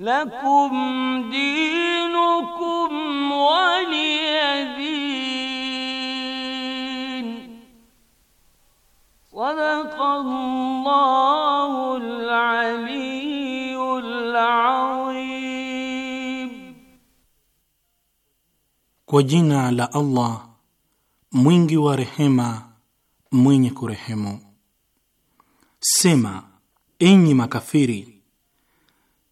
Lakum dinukum waliyadin. Sadakallahu al-aliyyul adhim. Kwa jina la Allah mwingi wa rehema mwenye kurehemu. Sema, enyi makafiri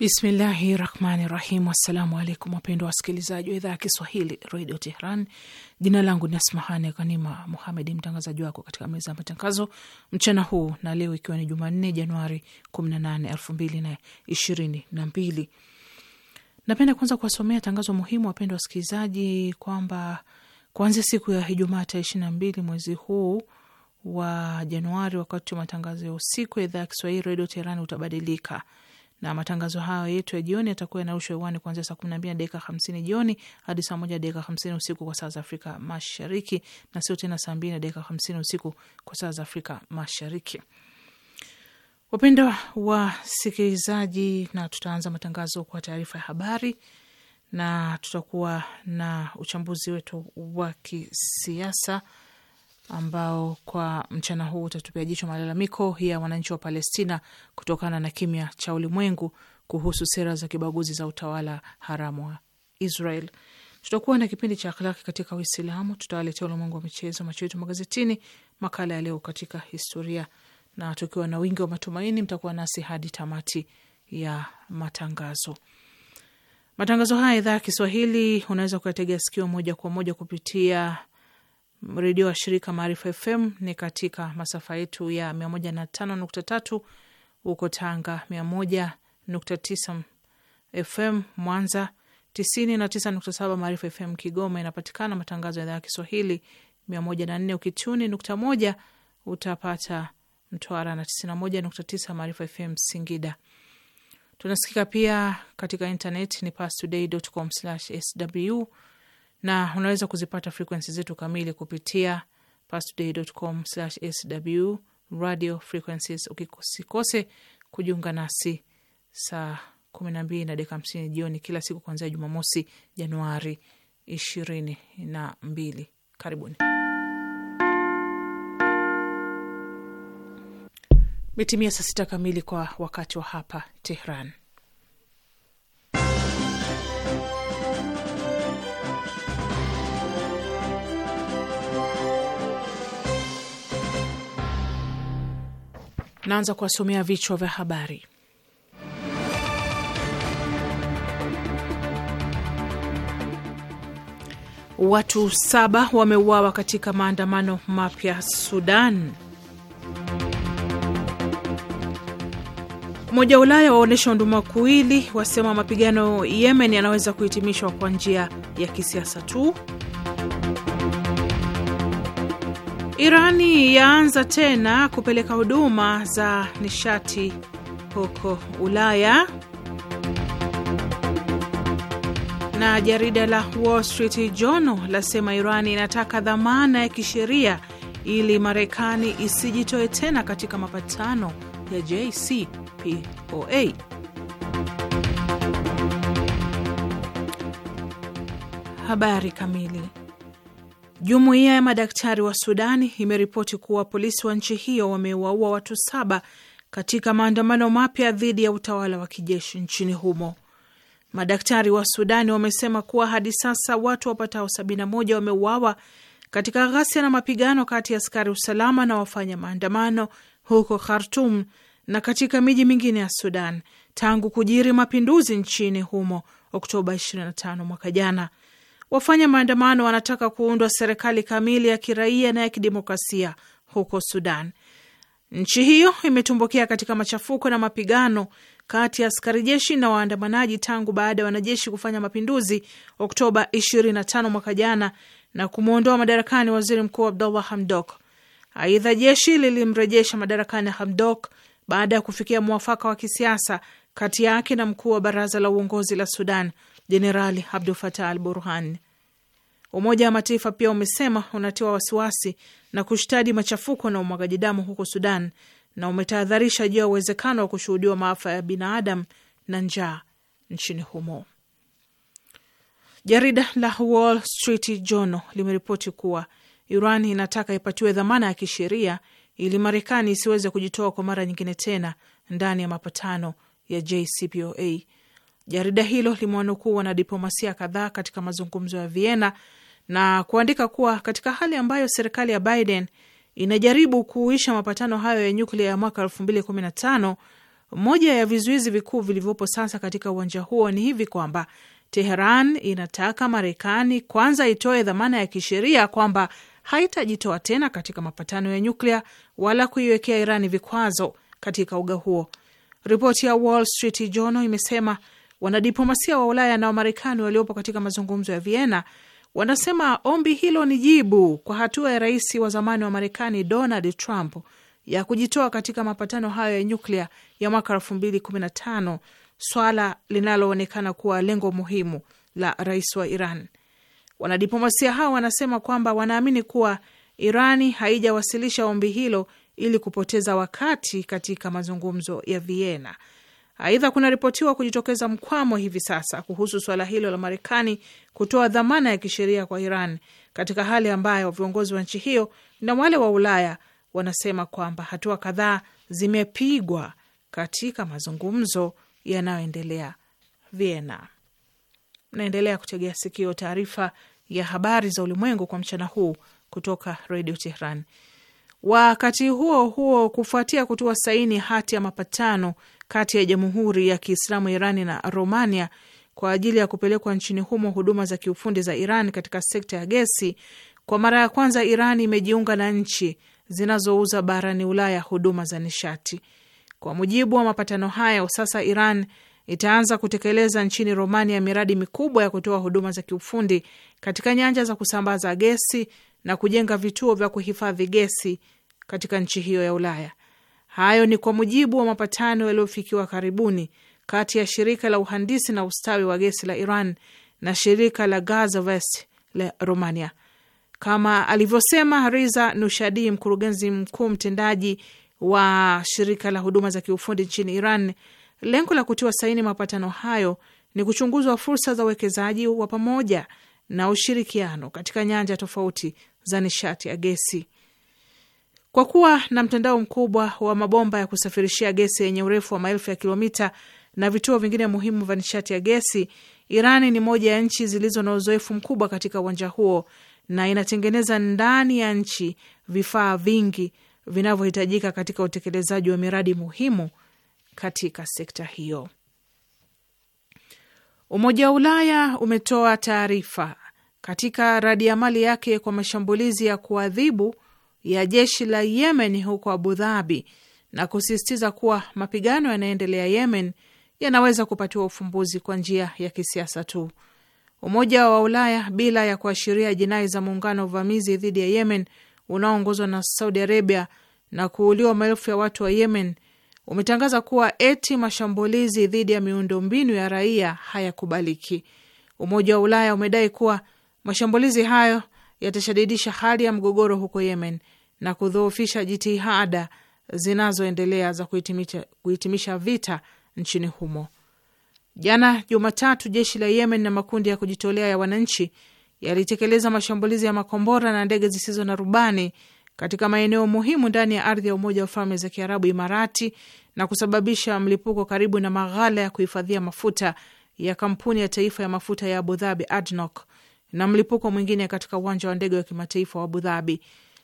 Bismillahi rahmani rahim. Assalamu alaikum wapendwa wasikilizaji wa idhaa ya Kiswahili redio Tehran. Jina langu ni Asmahani Ghanima Muhamedi, mtangazaji wako katika meza ya matangazo mchana huu na leo, ikiwa ni Jumanne Januari 18 2022. Napenda kwanza kuwasomea tangazo muhimu, wapendwa wasikilizaji, kwamba kuanzia siku ya Ijumaa tarehe 22 mwezi huu wa Januari, wakati wa matangazo ya usiku ya idhaa ya Kiswahili redio Tehran utabadilika na matangazo hayo yetu ya jioni yatakuwa yanarushwa hewani kuanzia saa kumi na mbili dakika hamsini jioni hadi saa moja dakika hamsini usiku kwa saa za Afrika Mashariki, na sio tena saa mbili na dakika hamsini usiku kwa saa za Afrika Mashariki. Wapendwa wasikilizaji, na tutaanza matangazo kwa taarifa ya habari na tutakuwa na uchambuzi wetu wa kisiasa ambao kwa mchana huu utatupia jicho malalamiko ya wananchi wa Palestina kutokana na kimya cha ulimwengu kuhusu sera za kibaguzi za utawala haramu wa Israel. Tutakuwa na kipindi cha akhlaki katika Uislamu, tutawaletea ulimwengu wa michezo, macho yetu magazetini, makala ya leo katika historia, na tukiwa na wingi wa matumaini mtakuwa nasi hadi tamati ya matangazo. Matangazo haya idhaa ya Kiswahili unaweza kuyategea sikio moja kwa moja kupitia redio wa shirika Maarifa FM ni katika masafa yetu ya 105.3 huko Tanga, 101.9 FM Mwanza, 99.7 Maarifa FM Kigoma. Inapatikana matangazo ya idhaa ya Kiswahili 104. Ukituni nukta moja utapata Mtwara na 91.9 Maarifa FM Singida. Tunasikika pia katika intaneti ni pastoday.com/sw na unaweza kuzipata frekuensi zetu kamili kupitia pastoday.com/sw radio frequencies. Usikose kujiunga nasi saa kumi na mbili na dakika hamsini jioni kila siku kuanzia Jumamosi, Januari ishirini na mbili. Karibuni. Imetimia saa sita kamili kwa wakati wa hapa Tehran. Naanza kuwasomea vichwa vya habari. Watu saba wameuawa katika maandamano mapya Sudan. Umoja wa Ulaya waonyesha unduma kuili, wasema mapigano Yemen yanaweza kuhitimishwa kwa njia ya kisiasa tu. Irani yaanza tena kupeleka huduma za nishati huko Ulaya, na jarida la Wall Street Journal lasema Irani inataka dhamana ya kisheria ili Marekani isijitoe tena katika mapatano ya JCPOA. Habari kamili Jumuiya ya madaktari wa Sudani imeripoti kuwa polisi wa nchi hiyo wamewaua watu saba katika maandamano mapya dhidi ya utawala wa kijeshi nchini humo. Madaktari wa Sudani wamesema kuwa hadi sasa watu wapatao 71 wameuawa katika ghasia na mapigano kati ya askari usalama na wafanya maandamano huko Khartum na katika miji mingine ya Sudan tangu kujiri mapinduzi nchini humo Oktoba 25 mwaka jana. Wafanya maandamano wanataka kuundwa serikali kamili ya kiraia na ya kidemokrasia huko Sudan. Nchi hiyo imetumbukia katika machafuko na mapigano kati ya askari jeshi na waandamanaji tangu baada ya wanajeshi kufanya mapinduzi Oktoba 25 mwaka jana na kumwondoa madarakani waziri mkuu Abdullah Hamdok. Aidha, jeshi lilimrejesha madarakani Hamdok baada ya kufikia mwafaka wa kisiasa kati yake na mkuu wa baraza la uongozi la Sudan Jenerali Abdul Fatah al Burhan. Umoja wa Mataifa pia umesema unatiwa wasiwasi na kushtadi machafuko na umwagaji damu huko Sudan na umetahadharisha juu ya uwezekano wa kushuhudiwa maafa ya binadamu na njaa nchini humo. Jarida la Wall Street Journal limeripoti kuwa Iran inataka ipatiwe dhamana ya kisheria ili Marekani isiweze kujitoa kwa mara nyingine tena ndani ya mapatano ya JCPOA Jarida hilo limewanukuu wanadiplomasia kadhaa katika mazungumzo ya Vienna na kuandika kuwa katika hali ambayo serikali ya Biden inajaribu kuuisha mapatano hayo ya nyuklia ya mwaka 2015, moja ya vizuizi vikuu vilivyopo sasa katika uwanja huo ni hivi kwamba Teheran inataka Marekani kwanza itoe dhamana ya kisheria kwamba haitajitoa tena katika mapatano ya nyuklia wala kuiwekea Irani vikwazo katika uga huo. Ripoti ya Wall Street Journal imesema Wanadiplomasia wa Ulaya na Wamarekani waliopo katika mazungumzo ya Vienna wanasema ombi hilo ni jibu kwa hatua ya rais wa zamani wa Marekani Donald Trump ya kujitoa katika mapatano hayo ya nyuklia ya mwaka elfu mbili kumi na tano, swala linaloonekana kuwa lengo muhimu la rais wa Iran. Wanadiplomasia hao wanasema kwamba wanaamini kuwa Irani haijawasilisha ombi hilo ili kupoteza wakati katika mazungumzo ya Vienna. Aidha, kunaripotiwa kujitokeza mkwamo hivi sasa kuhusu suala hilo la Marekani kutoa dhamana ya kisheria kwa Iran katika hali ambayo viongozi wa nchi hiyo na wale wa Ulaya wanasema kwamba hatua kadhaa zimepigwa katika mazungumzo yanayoendelea Vienna. Mnaendelea kutegea sikio taarifa ya habari za ulimwengu kwa mchana huu kutoka redio Tehran. Wakati huo huo, kufuatia kutua saini hati ya mapatano kati ya Jamhuri ya Kiislamu Irani na Romania kwa ajili ya kupelekwa nchini humo huduma za kiufundi za Iran katika sekta ya gesi. Kwa mara ya kwanza, Iran imejiunga na nchi zinazouza barani Ulaya huduma za nishati. Kwa mujibu wa mapatano hayo, sasa Iran itaanza kutekeleza nchini Romania miradi mikubwa ya kutoa huduma za kiufundi katika nyanja za kusambaza gesi na kujenga vituo vya kuhifadhi gesi katika nchi hiyo ya Ulaya. Hayo ni kwa mujibu wa mapatano yaliyofikiwa karibuni kati ya shirika la uhandisi na ustawi wa gesi la Iran na shirika la Gazavest la Romania, kama alivyosema Riza Nushadi, mkurugenzi mkuu mtendaji wa shirika la huduma za kiufundi nchini Iran. Lengo la kutiwa saini mapatano hayo ni kuchunguzwa fursa za uwekezaji wa pamoja na ushirikiano katika nyanja tofauti za nishati ya gesi. Kwa kuwa na mtandao mkubwa wa mabomba ya kusafirishia gesi yenye urefu wa maelfu ya kilomita na vituo vingine muhimu vya nishati ya gesi, Irani ni moja ya nchi zilizo na uzoefu mkubwa katika uwanja huo na inatengeneza ndani ya nchi vifaa vingi vinavyohitajika katika utekelezaji wa miradi muhimu katika sekta hiyo. Umoja wa Ulaya umetoa taarifa katika radi ya mali yake kwa mashambulizi ya kuadhibu ya jeshi la Yemen huko Abu Dhabi na kusisitiza kuwa mapigano yanayoendelea Yemen yanaweza kupatiwa ufumbuzi kwa njia ya kisiasa tu. Umoja wa Ulaya, bila ya kuashiria jinai za muungano wa uvamizi dhidi ya Yemen unaoongozwa na Saudi Arabia na kuuliwa maelfu ya watu wa Yemen, umetangaza kuwa eti mashambulizi dhidi ya miundombinu ya raia hayakubaliki. Umoja wa Ulaya umedai kuwa mashambulizi hayo yatashadidisha hali ya mgogoro huko Yemen na kudhoofisha jitihada zinazoendelea za kuhitimisha, kuhitimisha vita nchini humo. Jana Jumatatu, jeshi la Yemen na makundi ya kujitolea ya wananchi yalitekeleza mashambulizi ya makombora na ndege zisizo na rubani katika maeneo muhimu ndani ya ardhi ya Umoja wa Falme za Kiarabu, Imarati, na kusababisha mlipuko karibu na maghala ya kuhifadhia mafuta ya kampuni ya taifa ya mafuta ya Abu Dhabi, ADNOC, na mlipuko mwingine katika uwanja wa ndege wa kimataifa wa Abu Dhabi.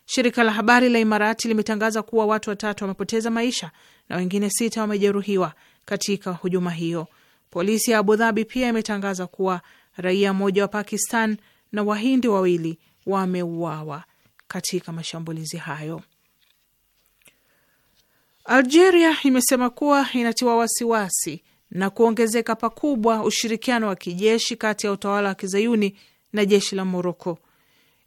Shirika la habari la Imarati limetangaza kuwa watu watatu wamepoteza maisha na wengine sita wamejeruhiwa katika hujuma hiyo. Polisi ya Abu Dhabi pia imetangaza kuwa raia mmoja wa Pakistan na Wahindi wawili wameuawa katika mashambulizi hayo. Algeria imesema kuwa inatiwa wasiwasi na kuongezeka pakubwa ushirikiano wa kijeshi kati ya utawala wa kizayuni na jeshi la Moroko.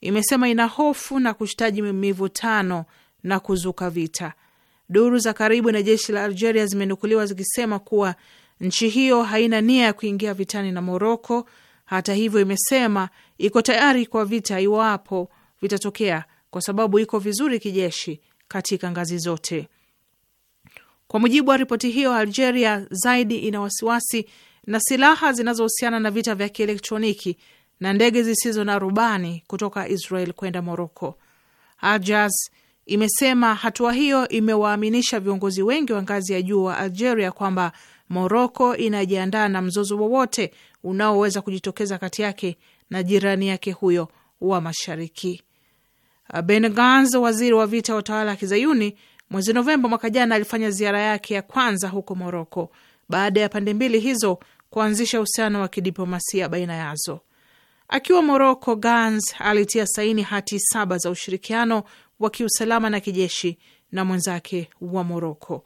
Imesema ina hofu na kushtaji mivutano na kuzuka vita. Duru za karibu na jeshi la Algeria zimenukuliwa zikisema kuwa nchi hiyo haina nia ya kuingia vitani na Moroko. Hata hivyo, imesema iko tayari kwa vita iwapo vitatokea, kwa sababu iko vizuri kijeshi katika ngazi zote. Kwa mujibu wa ripoti hiyo, Algeria zaidi ina wasiwasi na silaha zinazohusiana na vita vya kielektroniki na ndege zisizo na rubani kutoka Israel kwenda Moroko. Ajaz imesema hatua hiyo imewaaminisha viongozi wengi wa ngazi ya juu wa Algeria kwamba Moroko inajiandaa na mzozo wowote unaoweza kujitokeza kati yake na jirani yake huyo wa mashariki. Ben Gans, waziri wa vita wa utawala wa Kizayuni, mwezi Novemba mwaka jana alifanya ziara yake ya kwanza huko Moroko baada ya pande mbili hizo kuanzisha uhusiano wa kidiplomasia baina yazo. Akiwa Moroko, Gans alitia saini hati saba za ushirikiano wa kiusalama na kijeshi na mwenzake wa Moroko.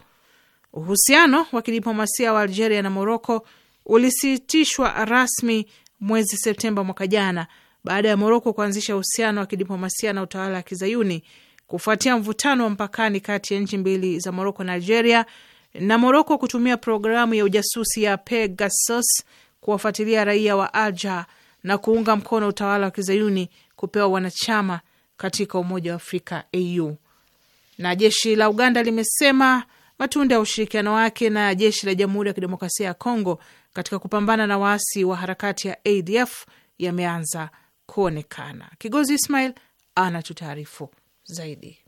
Uhusiano wa kidiplomasia wa Algeria na Moroko ulisitishwa rasmi mwezi Septemba mwaka jana baada ya Moroko kuanzisha uhusiano wa kidiplomasia na utawala wa kizayuni kufuatia mvutano wa mpakani kati ya nchi mbili za Moroko na Algeria na Moroko kutumia programu ya ujasusi ya Pegasus kuwafuatilia raia wa Alja na kuunga mkono utawala wa kizayuni kupewa wanachama katika Umoja wa Afrika AU. Na jeshi la Uganda limesema matunda ya ushirikiano wake na jeshi la Jamhuri ya Kidemokrasia ya Kongo katika kupambana na waasi wa harakati ya ADF yameanza kuonekana. Kigozi Ismail anatutaarifu zaidi.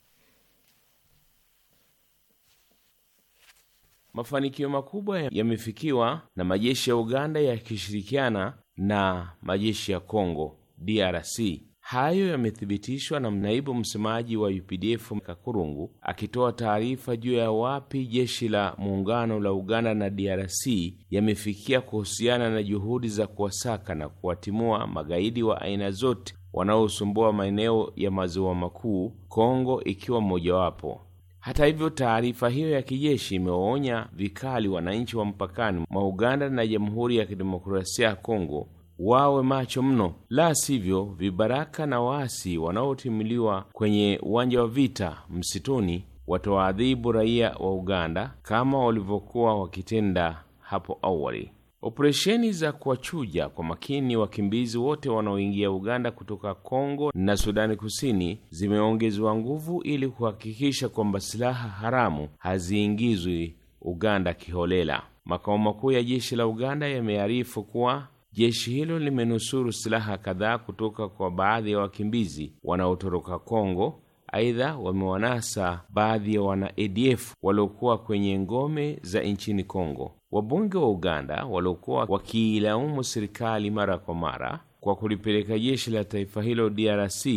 Mafanikio makubwa yamefikiwa na majeshi ya Uganda yakishirikiana na majeshi ya Kongo DRC. Hayo yamethibitishwa na mnaibu msemaji wa UPDF Kakurungu akitoa taarifa juu ya wapi jeshi la muungano la Uganda na DRC yamefikia kuhusiana na juhudi za kuwasaka na kuwatimua magaidi wa aina zote wanaosumbua maeneo ya maziwa makuu, Kongo ikiwa mmojawapo. Hata hivyo, taarifa hiyo ya kijeshi imewaonya vikali wananchi wa mpakani mwa Uganda na Jamhuri ya Kidemokrasia ya Kongo wawe macho mno, la sivyo vibaraka na waasi wanaotimiliwa kwenye uwanja wa vita msituni watawaadhibu raia wa Uganda kama walivyokuwa wakitenda hapo awali. Operesheni za kuwachuja kwa makini wakimbizi wote wanaoingia Uganda kutoka Kongo na Sudani Kusini zimeongezewa nguvu ili kuhakikisha kwamba silaha haramu haziingizwi Uganda kiholela. Makao makuu ya jeshi la Uganda yamearifu kuwa jeshi hilo limenusuru silaha kadhaa kutoka kwa baadhi ya wakimbizi wanaotoroka Kongo. Aidha, wamewanasa baadhi ya wana ADF waliokuwa kwenye ngome za nchini Kongo. Wabunge wa Uganda waliokuwa wakiilaumu serikali mara kwa mara kwa kulipeleka jeshi la taifa hilo DRC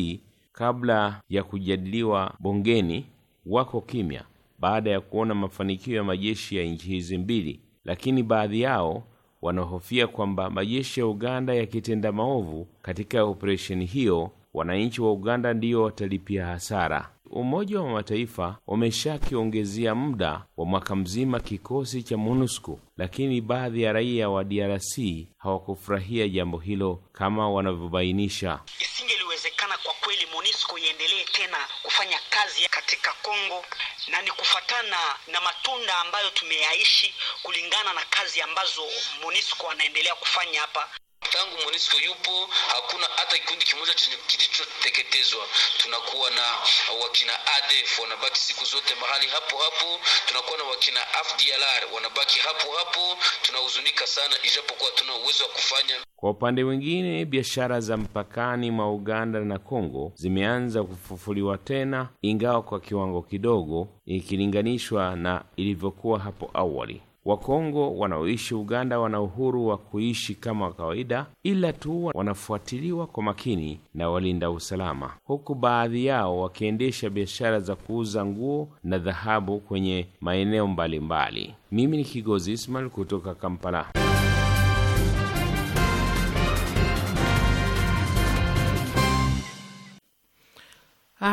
kabla ya kujadiliwa bungeni wako kimya baada ya kuona mafanikio ya majeshi ya nchi hizi mbili, lakini baadhi yao wanahofia kwamba majeshi ya Uganda yakitenda maovu katika operesheni hiyo, wananchi wa Uganda ndiyo watalipia hasara. Umoja wa Mataifa umeshakiongezea muda wa mwaka mzima kikosi cha MONUSCO, lakini baadhi ya raia wa DRC hawakufurahia jambo hilo kama wanavyobainisha. Isingeliwezekana kwa kweli MONUSCO iendelee tena kufanya kazi katika Kongo na ni kufatana na matunda ambayo tumeyaishi kulingana na kazi ambazo MONUSCO anaendelea kufanya hapa. Tangu MONUSCO yupo hakuna hata kikundi kimoja kilichoteketezwa. Tunakuwa na wakina ADF wanabaki siku zote mahali hapo hapo, tunakuwa na wakina FDLR wanabaki hapo hapo. Tunahuzunika sana, ijapokuwa tuna uwezo wa kufanya. Kwa upande mwingine, biashara za mpakani mwa Uganda na Kongo zimeanza kufufuliwa tena, ingawa kwa kiwango kidogo ikilinganishwa na ilivyokuwa hapo awali. Wakongo wanaoishi Uganda wana uhuru wa kuishi kama kawaida, ila tu wanafuatiliwa kwa makini na walinda usalama, huku baadhi yao wakiendesha biashara za kuuza nguo na dhahabu kwenye maeneo mbalimbali. Mimi ni Kigozi Ismail kutoka Kampala.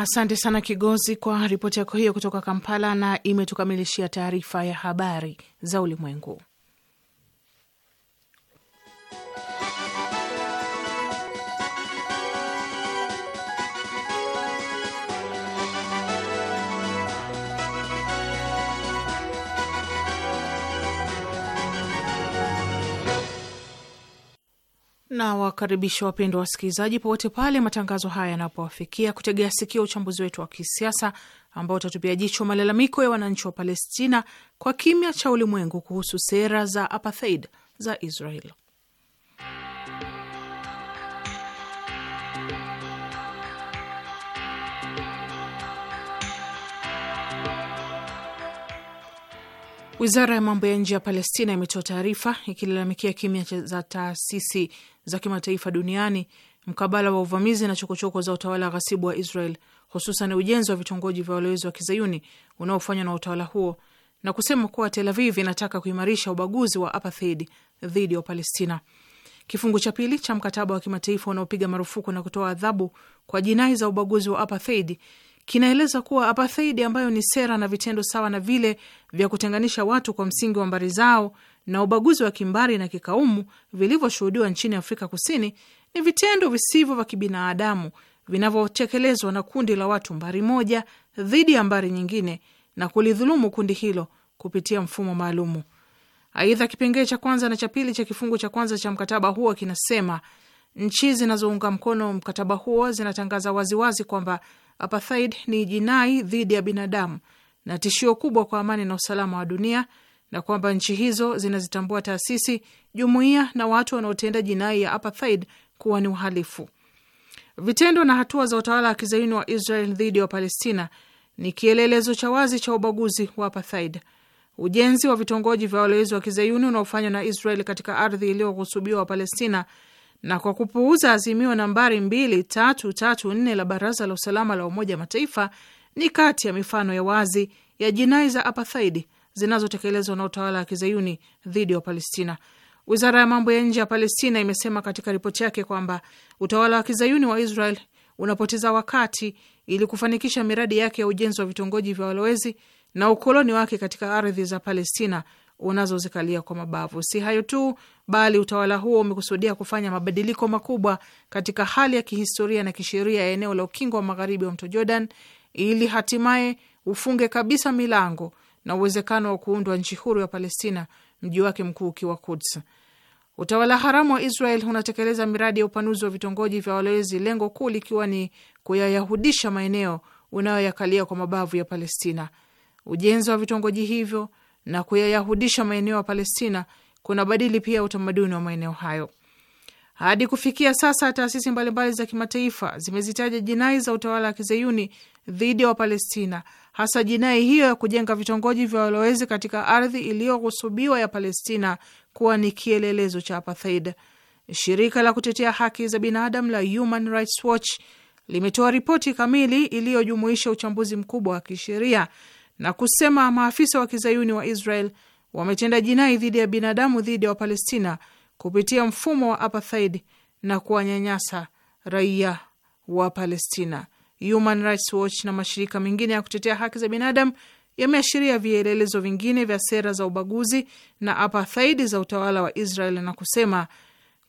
Asante sana Kigozi kwa ripoti yako hiyo kutoka Kampala, na imetukamilishia taarifa ya habari za ulimwengu. na wakaribisha wapendwa wasikilizaji popote pale matangazo haya yanapowafikia kutegea sikio uchambuzi wetu wa kisiasa ambao utatupia jicho malalamiko ya wananchi wa Palestina kwa kimya cha ulimwengu kuhusu sera za apartheid za Israel. Wizara ya mambo ya nje ya Palestina imetoa taarifa ikilalamikia kimya za taasisi za kimataifa duniani mkabala wa uvamizi na chokochoko za utawala ghasibu wa Israel, hususan ujenzi wa vitongoji vya walowezi wa kizayuni unaofanywa na utawala huo na kusema kuwa Tel Aviv inataka kuimarisha ubaguzi wa apartheid dhidi ya Palestina. Kifungu cha pili cha mkataba wa kimataifa unaopiga marufuku na kutoa adhabu kwa jinai za ubaguzi wa apartheid kinaeleza kuwa apartheid ambayo ni sera na vitendo sawa na vile vya kutenganisha watu kwa msingi wa mbari zao na ubaguzi wa kimbari na kikaumu vilivyoshuhudiwa nchini Afrika Kusini ni vitendo visivyo vya kibinadamu vinavyotekelezwa na kundi la watu mbari moja dhidi ya mbari nyingine na kulidhulumu kundi hilo kupitia mfumo maalumu. Aidha, kipengee cha kwanza na cha pili cha kifungu cha kwanza cha mkataba huo kinasema Nchi zinazounga mkono mkataba huo zinatangaza waziwazi kwamba apartheid ni jinai dhidi ya binadamu na tishio kubwa kwa amani na usalama wa dunia na kwamba nchi hizo zinazitambua taasisi, jumuiya na watu wanaotenda jinai ya apartheid kuwa ni uhalifu. Vitendo na hatua za utawala wa kizayuni wa Israel dhidi ya Wapalestina ni kielelezo cha wazi cha ubaguzi wa apartheid. Ujenzi wa vitongoji vya walowezi wa kizayuni unaofanywa na Israel katika ardhi iliyoghusubiwa Wapalestina na kwa kupuuza azimio nambari 2334 la Baraza la Usalama la Umoja wa Mataifa ni kati ya mifano ya wazi ya jinai za apathaidi zinazotekelezwa na utawala wa kizayuni dhidi ya Palestina. Wizara ya mambo ya nje ya Palestina imesema katika ripoti yake kwamba utawala wa kizayuni wa Israel unapoteza wakati ili kufanikisha miradi yake ya ujenzi wa vitongoji vya walowezi na ukoloni wake katika ardhi za Palestina unazozikalia kwa mabavu. Si hayo tu, bali utawala huo umekusudia kufanya mabadiliko makubwa katika hali ya kihistoria na kisheria ya eneo la ukingo wa magharibi wa mto Jordan ili hatimaye ufunge kabisa milango na uwezekano wa kuundwa nchi huru ya Palestina, mji wake mkuu ukiwa Kuds. Utawala haramu wa Israel unatekeleza miradi ya upanuzi wa vitongoji vya walowezi, lengo kuu likiwa ni kuyayahudisha maeneo unayoyakalia kwa mabavu ya Palestina. Ujenzi wa vitongoji hivyo na kuyayahudisha maeneo ya Palestina kunabadili pia utamaduni wa maeneo hayo. Hadi kufikia sasa, taasisi mbalimbali za kimataifa zimezitaja jinai za utawala wa kizayuni dhidi ya Wapalestina, hasa jinai hiyo ya kujenga vitongoji vya walowezi katika ardhi iliyoghusubiwa ya Palestina kuwa ni kielelezo cha apartheid. Shirika la kutetea haki za binadamu la Human Rights Watch limetoa ripoti kamili iliyojumuisha uchambuzi mkubwa wa kisheria na kusema maafisa wa kizayuni wa Israel wametenda jinai dhidi ya binadamu dhidi ya Wapalestina kupitia mfumo wa apartheid na kuwanyanyasa raia wa Palestina. Human Rights Watch na mashirika mengine ya kutetea haki za binadamu yameashiria vielelezo vingine vya sera za ubaguzi na apartheid za utawala wa Israel na kusema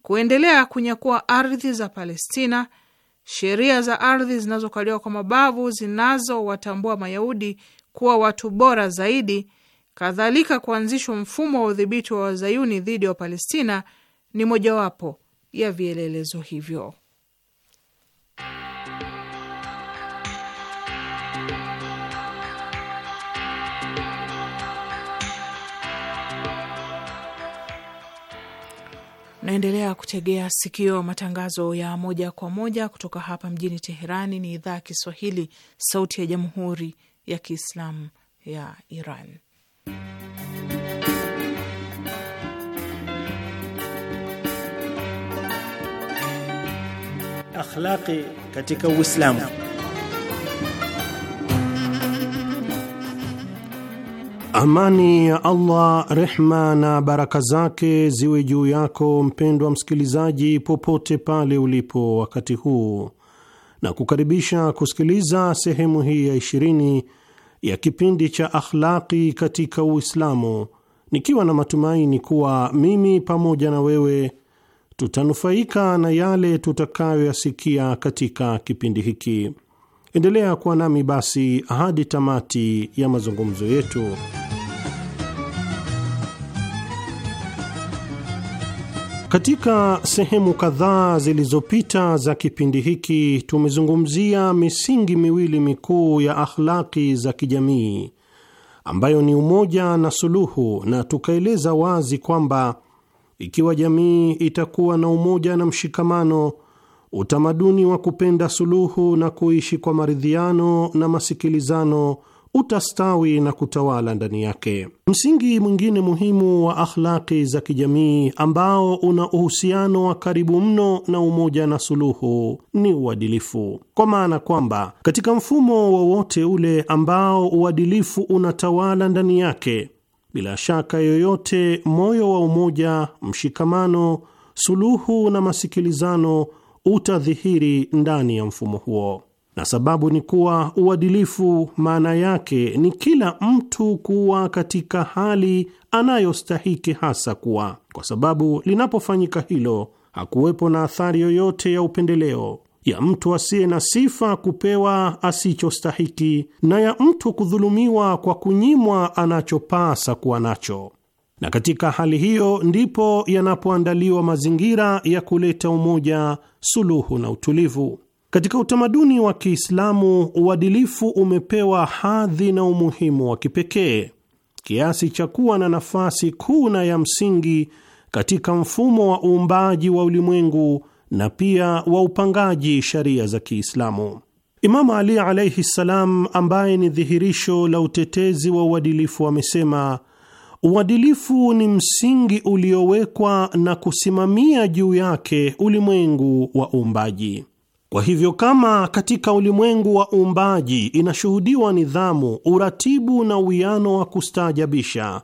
kuendelea kunyakua ardhi za Palestina, sheria za ardhi zinazokaliwa kwa mabavu zinazowatambua Mayahudi kuwa watu bora zaidi, kadhalika kuanzishwa mfumo wa udhibiti wa wazayuni dhidi ya Wapalestina ni mojawapo ya vielelezo hivyo. Naendelea kutegea sikio matangazo ya moja kwa moja kutoka hapa mjini Teherani. Ni idhaa ya Kiswahili, sauti ya jamhuri ya Kiislamu ya Iran. Akhlaqi katika Uislamu. Amani ya Allah, rehma na baraka zake ziwe juu yako mpendwa msikilizaji, popote pale ulipo wakati huu, na kukaribisha kusikiliza sehemu hii ya ishirini ya kipindi cha akhlaqi katika Uislamu, nikiwa na matumaini kuwa mimi pamoja na wewe tutanufaika na yale tutakayoyasikia katika kipindi hiki. Endelea kuwa nami basi hadi tamati ya mazungumzo yetu. Katika sehemu kadhaa zilizopita za kipindi hiki tumezungumzia misingi miwili mikuu ya akhlaki za kijamii ambayo ni umoja na suluhu, na tukaeleza wazi kwamba ikiwa jamii itakuwa na umoja na mshikamano, utamaduni wa kupenda suluhu na kuishi kwa maridhiano na masikilizano utastawi na kutawala ndani yake. Msingi mwingine muhimu wa akhlaki za kijamii ambao una uhusiano wa karibu mno na umoja na suluhu ni uadilifu, kwa maana kwamba katika mfumo wowote ule ambao uadilifu unatawala ndani yake, bila shaka yoyote, moyo wa umoja, mshikamano, suluhu na masikilizano utadhihiri ndani ya mfumo huo na sababu ni kuwa uadilifu maana yake ni kila mtu kuwa katika hali anayostahiki hasa kuwa, kwa sababu linapofanyika hilo hakuwepo na athari yoyote ya upendeleo ya mtu asiye na sifa kupewa asichostahiki na ya mtu kudhulumiwa kwa kunyimwa anachopasa kuwa nacho. Na katika hali hiyo ndipo yanapoandaliwa mazingira ya kuleta umoja, suluhu na utulivu. Katika utamaduni wa Kiislamu, uadilifu umepewa hadhi na umuhimu wa kipekee kiasi cha kuwa na nafasi kuu na ya msingi katika mfumo wa uumbaji wa ulimwengu na pia wa upangaji sharia za Kiislamu. Imamu Ali alaihi ssalam, ambaye ni dhihirisho la utetezi wa uadilifu, amesema uadilifu ni msingi uliowekwa na kusimamia juu yake ulimwengu wa uumbaji. Kwa hivyo kama katika ulimwengu wa uumbaji inashuhudiwa nidhamu, uratibu na uwiano wa kustaajabisha,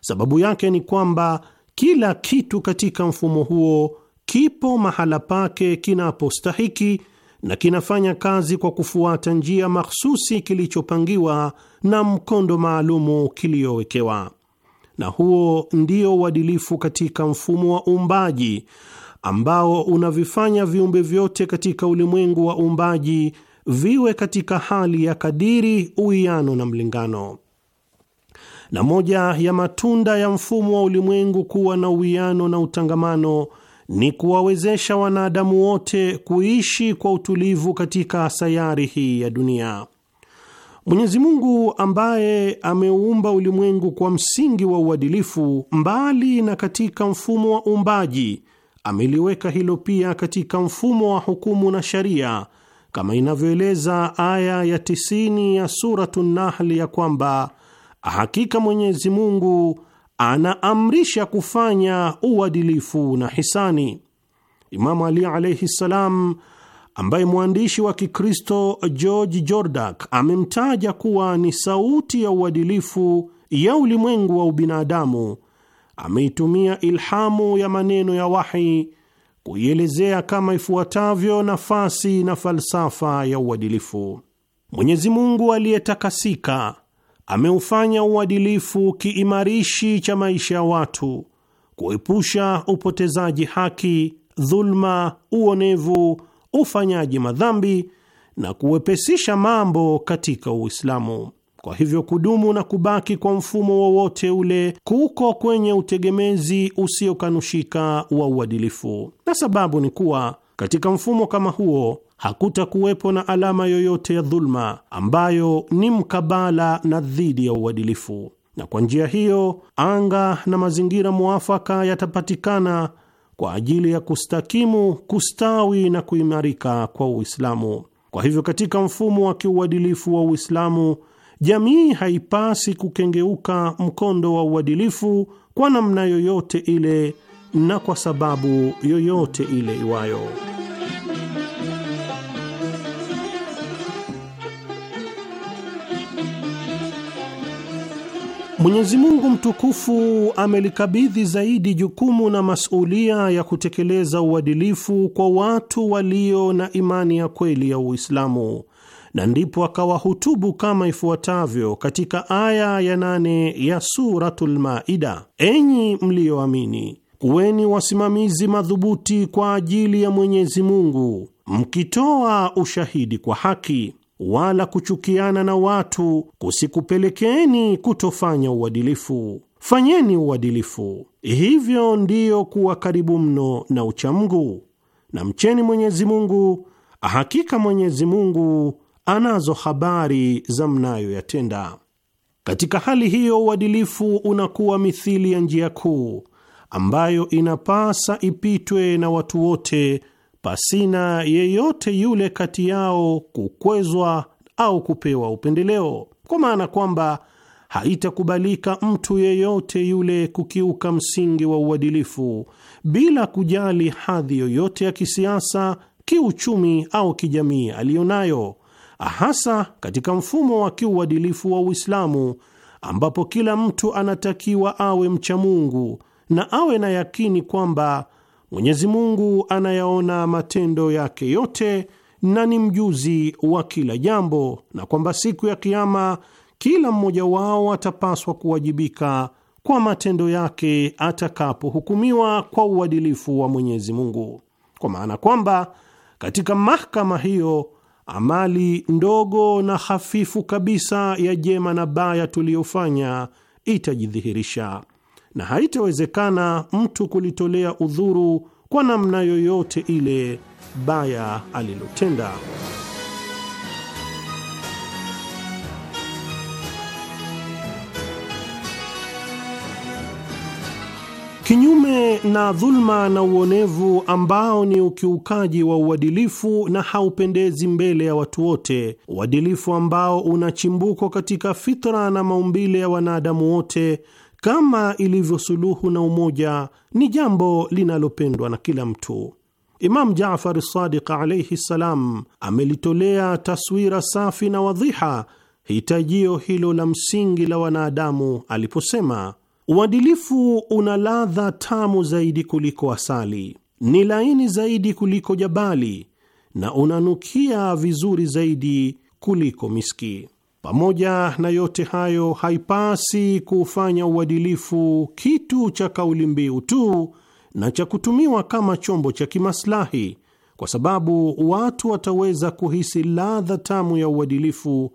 sababu yake ni kwamba kila kitu katika mfumo huo kipo mahala pake kinapostahiki na kinafanya kazi kwa kufuata njia mahsusi kilichopangiwa na mkondo maalumu kiliyowekewa. Na huo ndio uadilifu katika mfumo wa uumbaji ambao unavifanya viumbe vyote katika ulimwengu wa uumbaji viwe katika hali ya kadiri, uwiano na mlingano. Na moja ya matunda ya mfumo wa ulimwengu kuwa na uwiano na utangamano ni kuwawezesha wanadamu wote kuishi kwa utulivu katika sayari hii ya dunia. Mwenyezi Mungu ambaye ameumba ulimwengu kwa msingi wa uadilifu, mbali na katika mfumo wa uumbaji ameliweka hilo pia katika mfumo wa hukumu na sharia kama inavyoeleza aya ya tisini ya Suratu Nahli ya kwamba hakika Mwenyezi Mungu anaamrisha kufanya uadilifu na hisani. Imamu Ali alaihi ssalam, ambaye mwandishi wa Kikristo George Jordak amemtaja kuwa ni sauti ya uadilifu ya ulimwengu wa ubinadamu ameitumia ilhamu ya maneno ya wahi kuielezea kama ifuatavyo nafasi na falsafa ya uadilifu. Mwenyezi Mungu aliyetakasika ameufanya uadilifu kiimarishi cha maisha ya watu, kuepusha upotezaji haki, dhulma, uonevu, ufanyaji madhambi na kuwepesisha mambo katika Uislamu. Kwa hivyo kudumu na kubaki kwa mfumo wowote ule kuko kwenye utegemezi usiokanushika wa uadilifu, na sababu ni kuwa katika mfumo kama huo hakutakuwepo na alama yoyote ya dhuluma ambayo ni mkabala na dhidi ya uadilifu, na kwa njia hiyo anga na mazingira muafaka yatapatikana kwa ajili ya kustakimu, kustawi na kuimarika kwa Uislamu. Kwa hivyo katika mfumo wa kiuadilifu wa Uislamu jamii haipasi kukengeuka mkondo wa uadilifu kwa namna yoyote ile na kwa sababu yoyote ile iwayo. Mwenyezi Mungu mtukufu amelikabidhi zaidi jukumu na masulia ya kutekeleza uadilifu kwa watu walio na imani ya kweli ya Uislamu na ndipo akawahutubu kama ifuatavyo katika aya ya nane ya Suratul Maida: enyi mliyoamini, kuweni wasimamizi madhubuti kwa ajili ya Mwenyezi Mungu, mkitoa ushahidi kwa haki, wala kuchukiana na watu kusikupelekeeni kutofanya uadilifu. Fanyeni uadilifu, hivyo ndiyo kuwa karibu mno na uchamgu na mcheni Mwenyezi Mungu, hakika Mwenyezi Mungu anazo habari za mnayoyatenda. Katika hali hiyo, uadilifu unakuwa mithili ya njia kuu ambayo inapasa ipitwe na watu wote pasina yeyote yule kati yao kukwezwa au kupewa upendeleo, kwa maana kwamba haitakubalika mtu yeyote yule kukiuka msingi wa uadilifu bila kujali hadhi yoyote ya kisiasa, kiuchumi au kijamii aliyonayo, hasa katika mfumo wa kiuadilifu wa Uislamu ambapo kila mtu anatakiwa awe mcha Mungu na awe na yakini kwamba Mwenyezi Mungu anayaona matendo yake yote na ni mjuzi wa kila jambo, na kwamba siku ya Kiama kila mmoja wao atapaswa kuwajibika kwa matendo yake atakapohukumiwa kwa uadilifu wa Mwenyezi Mungu, kwa maana kwamba katika mahakama hiyo amali ndogo na hafifu kabisa ya jema na baya tuliyofanya itajidhihirisha, na haitawezekana mtu kulitolea udhuru kwa namna yoyote ile baya alilotenda. Kinyume na dhulma na uonevu ambao ni ukiukaji wa uadilifu na haupendezi mbele ya watu wote, uadilifu ambao una chimbuko katika fitra na maumbile ya wanadamu wote, kama ilivyo suluhu na umoja, ni jambo linalopendwa na kila mtu. Imam Jafar Sadiq alaihi ssalam amelitolea taswira safi na wadhiha hitajio hilo la msingi la wanadamu aliposema Uadilifu una ladha tamu zaidi kuliko asali, ni laini zaidi kuliko jabali, na unanukia vizuri zaidi kuliko miski. Pamoja na yote hayo, haipasi kuufanya uadilifu kitu cha kauli mbiu tu na cha kutumiwa kama chombo cha kimaslahi, kwa sababu watu wataweza kuhisi ladha tamu ya uadilifu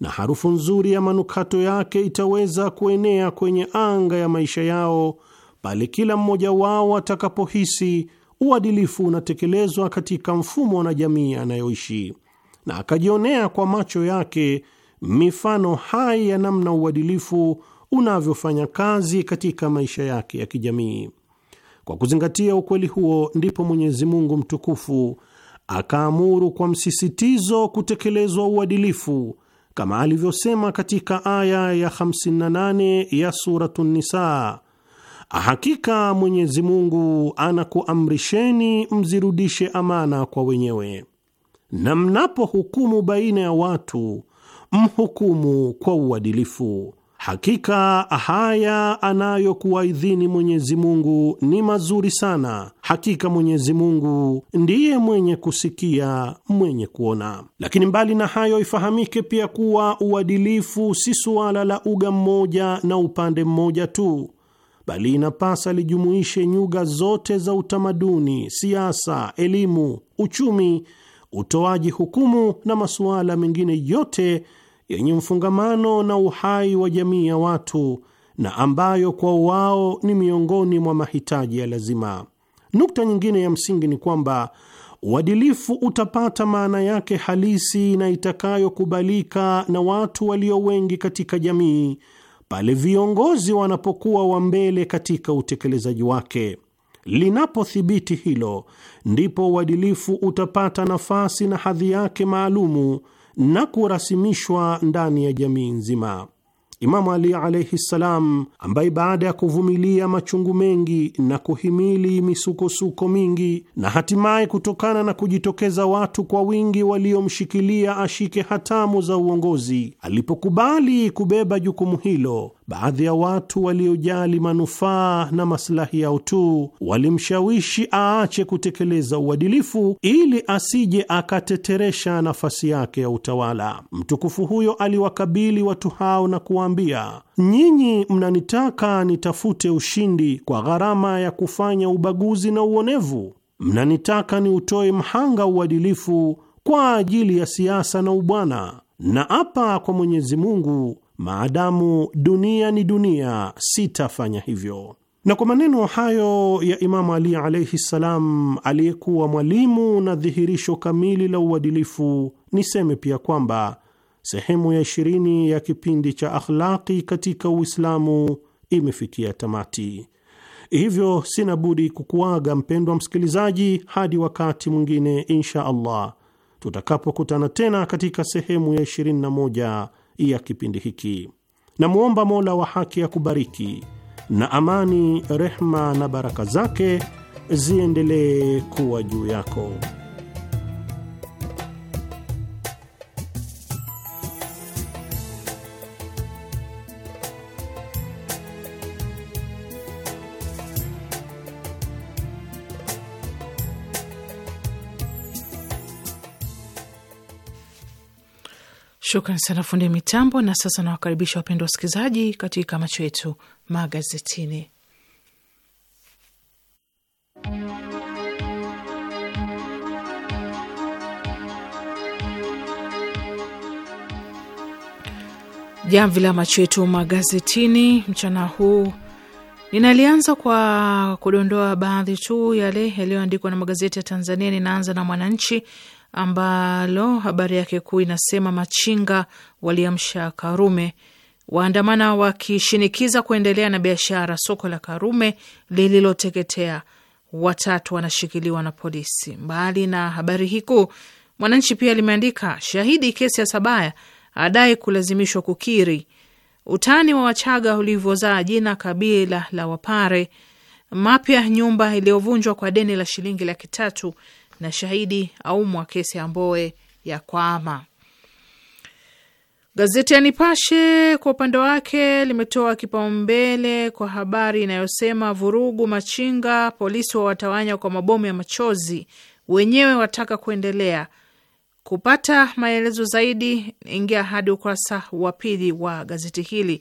na harufu nzuri ya manukato yake itaweza kuenea kwenye anga ya maisha yao pale kila mmoja wao atakapohisi uadilifu unatekelezwa katika mfumo na jamii anayoishi, na akajionea kwa macho yake mifano hai ya namna uadilifu unavyofanya kazi katika maisha yake ya kijamii. Kwa kuzingatia ukweli huo, ndipo Mwenyezi Mungu mtukufu akaamuru kwa msisitizo kutekelezwa uadilifu kama alivyosema katika aya ya 58 ya Suratu Nisa, hakika Mwenyezi Mungu anakuamrisheni mzirudishe amana kwa wenyewe, na mnapohukumu baina ya watu mhukumu kwa uadilifu Hakika haya idhini Mwenyezi Mungu ni mazuri sana. Hakika Mwenyezi Mungu ndiye mwenye kusikia, mwenye kuona. Lakini mbali na hayo, ifahamike pia kuwa uadilifu si suala la uga mmoja na upande mmoja tu, bali inapasa lijumuishe nyuga zote za utamaduni, siasa, elimu, uchumi, utoaji hukumu na masuala mengine yote yenye mfungamano na uhai wa jamii ya watu na ambayo kwa wao ni miongoni mwa mahitaji ya lazima. Nukta nyingine ya msingi ni kwamba uadilifu utapata maana yake halisi na itakayokubalika na watu walio wengi katika jamii pale viongozi wanapokuwa wa mbele katika utekelezaji wake. Linapothibiti hilo, ndipo uadilifu utapata nafasi na hadhi yake maalumu na kurasimishwa ndani ya jamii nzima. Imamu Ali alaihi ssalam, ambaye baada ya kuvumilia machungu mengi na kuhimili misukosuko mingi na hatimaye kutokana na kujitokeza watu kwa wingi waliomshikilia ashike hatamu za uongozi, alipokubali kubeba jukumu hilo baadhi ya watu waliojali manufaa na maslahi yao tu walimshawishi aache kutekeleza uadilifu ili asije akateteresha nafasi yake ya utawala. Mtukufu huyo aliwakabili watu hao na kuwaambia, nyinyi mnanitaka nitafute ushindi kwa gharama ya kufanya ubaguzi na uonevu, mnanitaka niutoe mhanga uadilifu kwa ajili ya siasa na ubwana, na apa kwa Mwenyezi Mungu maadamu dunia ni dunia, sitafanya hivyo. Na kwa maneno hayo ya Imamu Ali alaihi ssalam, aliyekuwa mwalimu na dhihirisho kamili la uadilifu, niseme pia kwamba sehemu ya ishirini ya kipindi cha akhlaqi katika Uislamu imefikia tamati. Hivyo sina budi kukuaga mpendwa msikilizaji, hadi wakati mwingine insha Allah tutakapokutana tena katika sehemu ya 21 ya kipindi hiki. Namwomba Mola wa haki ya kubariki na amani, rehma na baraka zake ziendelee kuwa juu yako. Shukran sana fundi mitambo. Na sasa nawakaribisha wapendwa wasikilizaji katika macho yetu magazetini. Jamvi la macho yetu magazetini mchana huu ninalianza kwa kudondoa baadhi tu yale yaliyoandikwa na magazeti ya Tanzania. Ninaanza na Mwananchi ambalo habari yake kuu inasema machinga waliamsha Karume, waandamana wakishinikiza kuendelea na biashara. Soko la Karume lililoteketea, watatu wanashikiliwa na polisi. Mbali na habari hii kuu, Mwananchi pia limeandika shahidi kesi ya Sabaya adai kulazimishwa kukiri, utani wa Wachaga ulivyozaa jina kabila la Wapare, mapya nyumba iliyovunjwa kwa deni la shilingi laki tatu na shahidi aumwa kesi ya Mbowe ya kwama. Gazeti ya Nipashe kwa upande wake limetoa kipaumbele kwa habari inayosema vurugu machinga, polisi wawatawanya kwa mabomu ya machozi, wenyewe wataka kuendelea. Kupata maelezo zaidi, ingia hadi ukurasa wa pili wa gazeti hili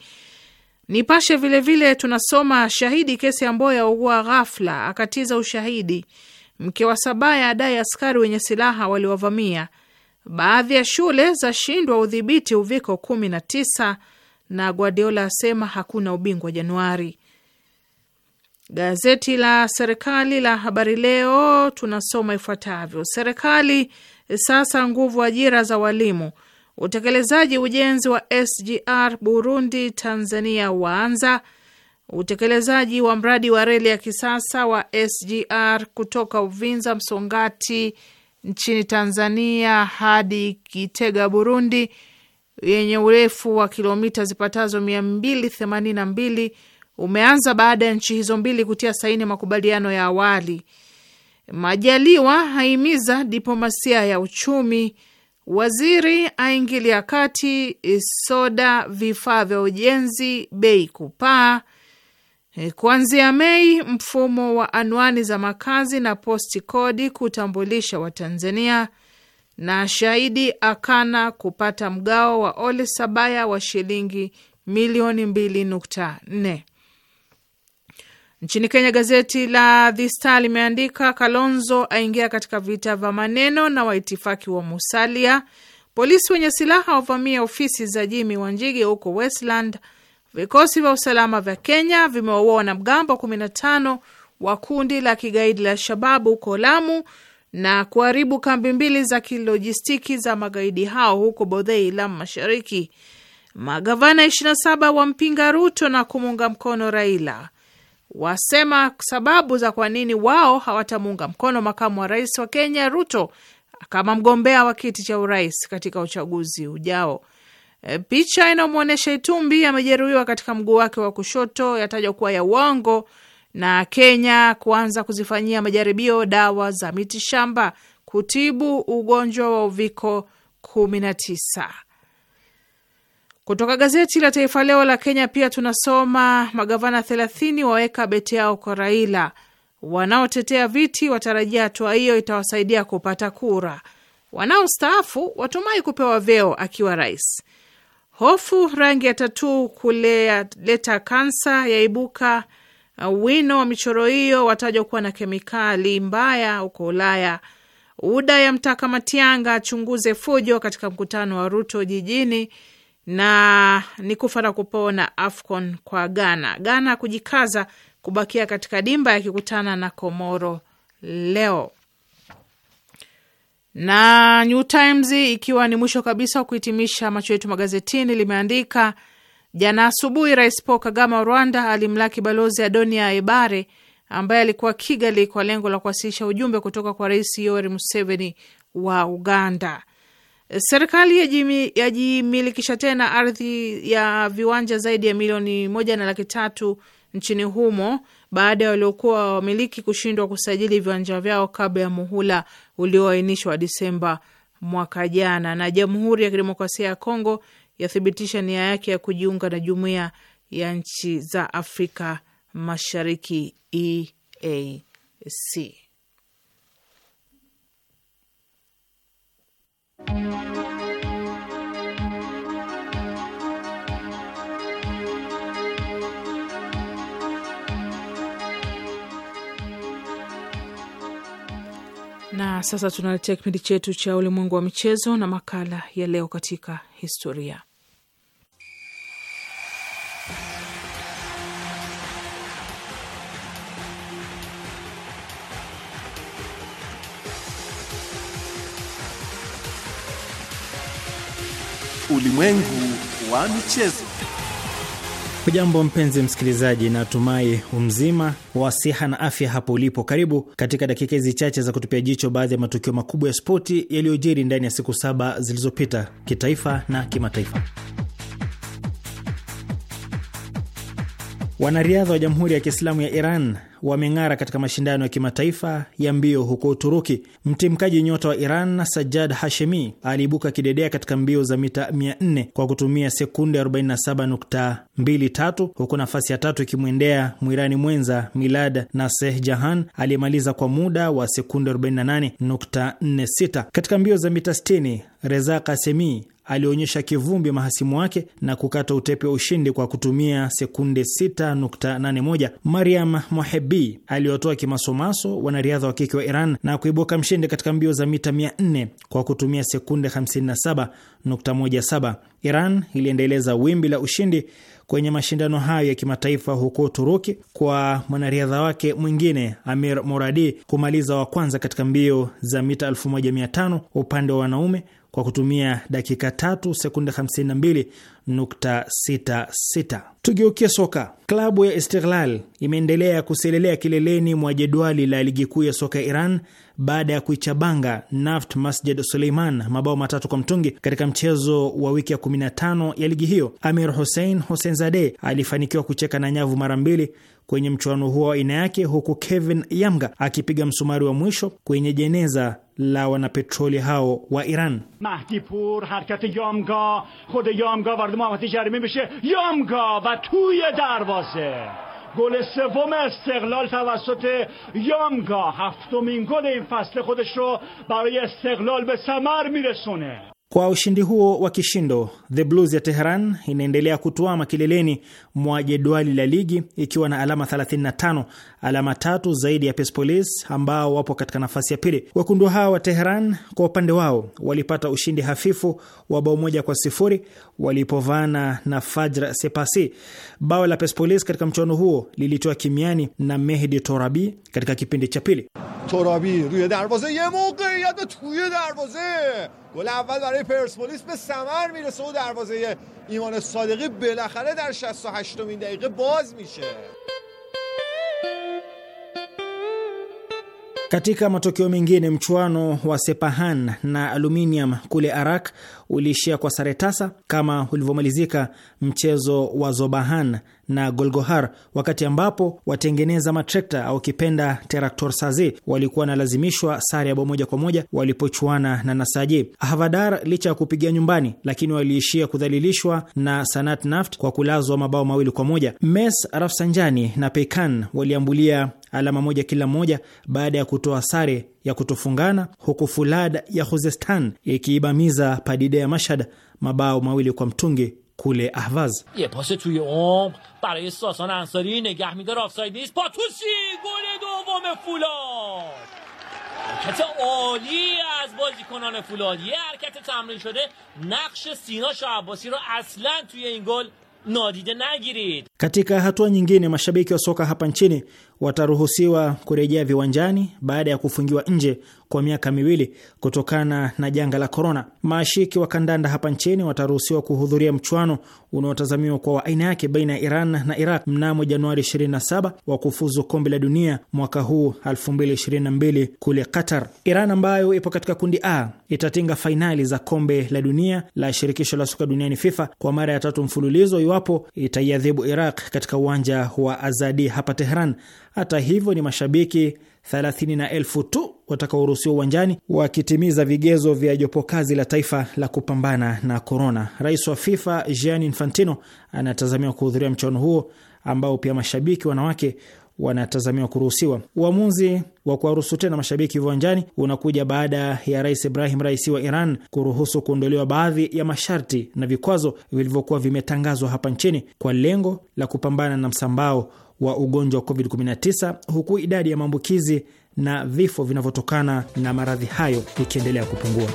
Nipashe. Vilevile vile tunasoma shahidi kesi ya Mbowe yaugua ghafla, akatiza ushahidi mke wa Sabaya adai askari wenye silaha waliwavamia baadhi ya shule za shindwa udhibiti uviko kumi na tisa na Guardiola asema hakuna ubingwa Januari. Gazeti la serikali la Habari Leo tunasoma ifuatavyo: serikali sasa nguvu ajira za walimu, utekelezaji ujenzi wa SGR Burundi Tanzania waanza utekelezaji wa mradi wa reli ya kisasa wa SGR kutoka Uvinza Msongati nchini Tanzania hadi Kitega Burundi, yenye urefu wa kilomita zipatazo 282 umeanza baada ya nchi hizo mbili kutia saini makubaliano ya awali. Majaliwa haimiza diplomasia ya uchumi, waziri aingilia kati, soda, vifaa vya ujenzi bei kupaa E, kuanzia Mei, mfumo wa anwani za makazi na posti kodi kutambulisha Watanzania, na shahidi akana kupata mgao wa Ole Sabaya wa shilingi milioni 2.4. Nchini Kenya, gazeti la The Star limeandika Kalonzo aingia katika vita vya maneno na waitifaki wa Musalia. Polisi wenye silaha wavamia ofisi za Jimmy Wanjigi huko Westland. Vikosi vya usalama vya Kenya vimewaua wanamgambo 15 wa kundi la kigaidi la Shababu huko Lamu na kuharibu kambi mbili za kilojistiki za magaidi hao huko Bodhei, Lamu Mashariki. Magavana 27 wampinga Ruto na kumuunga mkono Raila, wasema sababu za kwa nini wao hawatamuunga mkono makamu wa rais wa Kenya Ruto kama mgombea wa kiti cha urais katika uchaguzi ujao. E, picha inayomwonyesha Itumbi amejeruhiwa katika mguu wake wa kushoto yatajwa kuwa ya uongo na Kenya kuanza kuzifanyia majaribio dawa za miti shamba kutibu ugonjwa wa uviko 19. Kutoka gazeti la Taifa Leo la Kenya pia tunasoma magavana 30 waweka beti yao kwa Raila, wanaotetea viti watarajia hatua hiyo itawasaidia kupata kura, wanaostaafu watumai kupewa vyeo akiwa rais. Hofu rangi ya tatuu leta kansa yaibuka. Uh, wino wa michoro hiyo watajwa kuwa na kemikali mbaya huko Ulaya. UDA ya mtaka Matianga achunguze fujo katika mkutano wa Ruto jijini, na ni kufa na kupona AFCON kwa Ghana. Ghana kujikaza kubakia katika dimba yakikutana na Komoro leo na New Times ikiwa ni mwisho kabisa wa kuhitimisha macho yetu magazetini, limeandika jana asubuhi, Rais Paul Kagame wa Rwanda alimlaki Balozi Adonia Ebare ambaye alikuwa Kigali kwa lengo la kuwasilisha ujumbe kutoka kwa Rais Yoweri Museveni wa Uganda. Serikali yajimilikisha tena ardhi ya viwanja zaidi ya milioni moja na laki tatu nchini humo baada ya waliokuwa wamiliki kushindwa kusajili viwanja vyao kabla ya muhula ulioainishwa Disemba mwaka jana. Na Jamhuri ya Kidemokrasia ya Kongo yathibitisha nia yake ya kujiunga na Jumuiya ya Nchi za Afrika Mashariki, EAC. Na sasa tunaletea kipindi chetu cha ulimwengu wa michezo na makala ya leo katika historia. Ulimwengu wa michezo. Hujambo mpenzi msikilizaji, natumai umzima wa siha na afya hapo ulipo. Karibu katika dakika hizi chache za kutupia jicho baadhi ya matukio makubwa ya spoti yaliyojiri ndani ya siku saba zilizopita kitaifa na kimataifa. Wanariadha wa Jamhuri ya Kiislamu ya Iran wameng'ara katika mashindano ya kimataifa ya mbio huko Uturuki. Mtimkaji nyota wa Iran Sajjad Hashemi aliibuka kidedea katika mbio za mita 400 kwa kutumia sekunde 47.23 huku nafasi ya tatu ikimwendea mwirani mwenza Milad Naseh Jahan aliyemaliza kwa muda wa sekunde 48.46. Katika mbio za mita 60 Reza Kasemi alionyesha kivumbi mahasimu wake na kukata utepe wa ushindi kwa kutumia sekunde 6.81. Mariam Mohebi aliotoa kimasomaso wanariadha wa kike wa Iran na kuibuka mshindi katika mbio za mita 400 kwa kutumia sekunde 57.17. Iran iliendeleza wimbi la ushindi kwenye mashindano hayo ya kimataifa huko Uturuki kwa mwanariadha wake mwingine Amir Moradi kumaliza wa kwanza katika mbio za mita 1500 upande wa wanaume kwa kutumia dakika 3 sekunde 52.66. Tugeukie soka. Klabu ya Istiklal imeendelea kuselelea kileleni mwa jedwali la ligi kuu ya soka ya Iran baada ya kuichabanga Naft Masjid Suleiman mabao matatu kwa mtungi katika mchezo wa wiki ya 15 ya ligi hiyo. Amir Hussein Hussein Zade alifanikiwa kucheka na nyavu mara mbili kwenye mchuano huo wa aina yake, huku Kevin Yamga akipiga msumari wa mwisho kwenye jeneza la wanapetroli hao wa Iran. Mahdipur harakati yamga khod yamga vard muhamati jarimi mishe yamga va tuye darvaze گل سوم استقلال توسط یامگا هفتمین گل این فصل خودش رو برای استقلال به ثمر میرسونه Kwa ushindi huo wa kishindo, The Blues ya Teheran inaendelea kutuama kileleni mwa jedwali la ligi ikiwa na alama 35, alama tatu zaidi ya Persepolis ambao wapo katika nafasi ya pili. Wekundu hawa wa Teheran kwa upande wao walipata ushindi hafifu wa bao moja kwa sifuri walipovana na Fajr Sepasi. Bao la Persepolis katika mchuano huo lilitoa kimiani na Mehdi Torabi katika kipindi cha pili. Torabi ruye ye tuye گل اول برای پرسپولیس به ثمر میرسه و دروازه ایمان صادقی بالاخره در 68 مین دقیقه باز میشه Katika matokeo mengine, mchuano wa Sepahan na Aluminium kule Arak uliishia kwa sare tasa kama ulivyomalizika mchezo wa Zobahan na Golgohar, wakati ambapo watengeneza matrekta au kipenda Teraktor Sazi walikuwa wanalazimishwa sare ya bao moja kwa moja walipochuana na Nasaji Havadar. Licha ya kupigia nyumbani, lakini waliishia kudhalilishwa na Sanat Naft kwa kulazwa mabao mawili kwa moja. Mes Rafsanjani na Peikan waliambulia alama moja kila moja baada ya kutoa sare ya kutofungana, huku Fulad ya Khuzestan ikiibamiza Padida ya Mashhad mabao mawili kwa mtungi kule Ahvaz. Katika hatua nyingine, mashabiki wa soka hapa nchini wataruhusiwa kurejea viwanjani baada ya kufungiwa nje kwa miaka miwili kutokana na janga la korona. Maashiki wa kandanda hapa nchini wataruhusiwa kuhudhuria mchuano unaotazamiwa kwa wa aina yake baina ya Iran na Iraq mnamo Januari 27 wa kufuzu kombe la dunia mwaka huu 2022 kule Qatar. Iran ambayo ipo katika kundi A itatinga fainali za kombe la dunia la shirikisho la soka duniani FIFA kwa mara ya tatu mfululizo iwapo itaiadhibu Iraq katika uwanja wa Azadi hapa Tehran. Hata hivyo, ni mashabiki 3 na elfu tu watakaoruhusiwa uwanjani wakitimiza vigezo vya jopo kazi la taifa la kupambana na korona. Rais wa FIFA Gianni Infantino anatazamiwa kuhudhuria mchuano huo ambao pia mashabiki wanawake wanatazamiwa kuruhusiwa. Uamuzi wa kuwaruhusu tena mashabiki viwanjani unakuja baada ya rais Ibrahim Raisi wa Iran kuruhusu kuondolewa baadhi ya masharti na vikwazo vilivyokuwa vimetangazwa hapa nchini kwa lengo la kupambana na msambao wa ugonjwa wa COVID-19 huku idadi ya maambukizi na vifo vinavyotokana na maradhi hayo ikiendelea kupungua.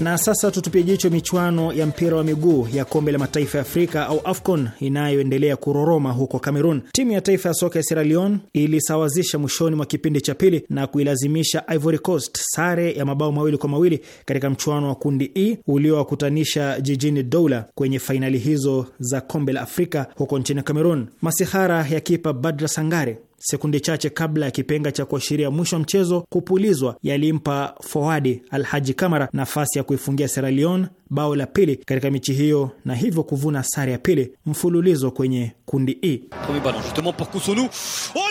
Na sasa tutupie jicho michuano ya mpira wa miguu ya kombe la mataifa ya Afrika au AFCON inayoendelea kuroroma huko Cameroon. Timu ya taifa ya soka ya Sierra Leone ilisawazisha mwishoni mwa kipindi cha pili na kuilazimisha Ivory Coast sare ya mabao mawili kwa mawili katika mchuano wa kundi E uliowakutanisha jijini Doula kwenye fainali hizo za kombe la Afrika huko nchini Cameroon. Masihara ya kipa Badra Sangare sekunde chache kabla ya kipenga cha kuashiria mwisho wa mchezo kupulizwa, yalimpa fowadi Alhaji Kamara nafasi ya kuifungia Sierra Leone bao la pili katika michi hiyo na hivyo kuvuna sare ya pili mfululizo kwenye kundi E. Oh oh,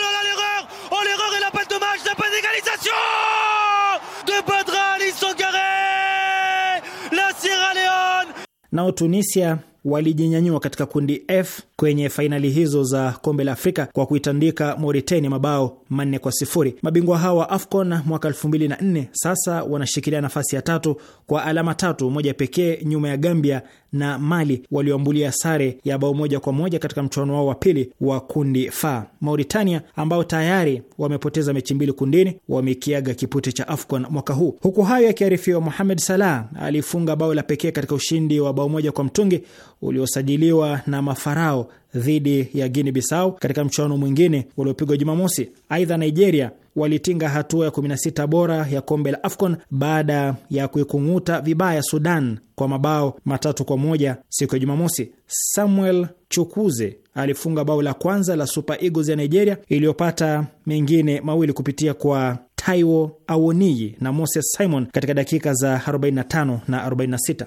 Nao Tunisia walijinyanyua katika kundi F kwenye fainali hizo za kombe la Afrika kwa kuitandika Mauritania mabao manne kwa sifuri. Mabingwa hawa wa AFCON mwaka nne sasa wanashikilia nafasi ya tatu kwa alama tatu, moja pekee nyuma ya Gambia na Mali walioambulia sare ya bao moja kwa moja katika mchuano wao wa pili wa kundi F. Mauritania ambao tayari wamepoteza mechi mbili kundini, wamekiaga kipute cha AFCON mwaka huu. Huku hayo yakiarifiwa, Mohamed Salah alifunga bao la pekee katika ushindi wa bao moja kwa mtungi uliosajiliwa na mafarao dhidi ya Guinea Bissau katika mchuano mwingine uliopigwa Jumamosi. Aidha, Nigeria walitinga hatua ya 16 bora ya kombe la AFCON baada ya kuikung'uta vibaya Sudan kwa mabao matatu kwa moja siku ya Jumamosi. Samuel Chukuze alifunga bao la kwanza la Super Eagles ya Nigeria iliyopata mengine mawili kupitia kwa Haiwo Awoniyi na Moses Simon katika dakika za 45 na 46.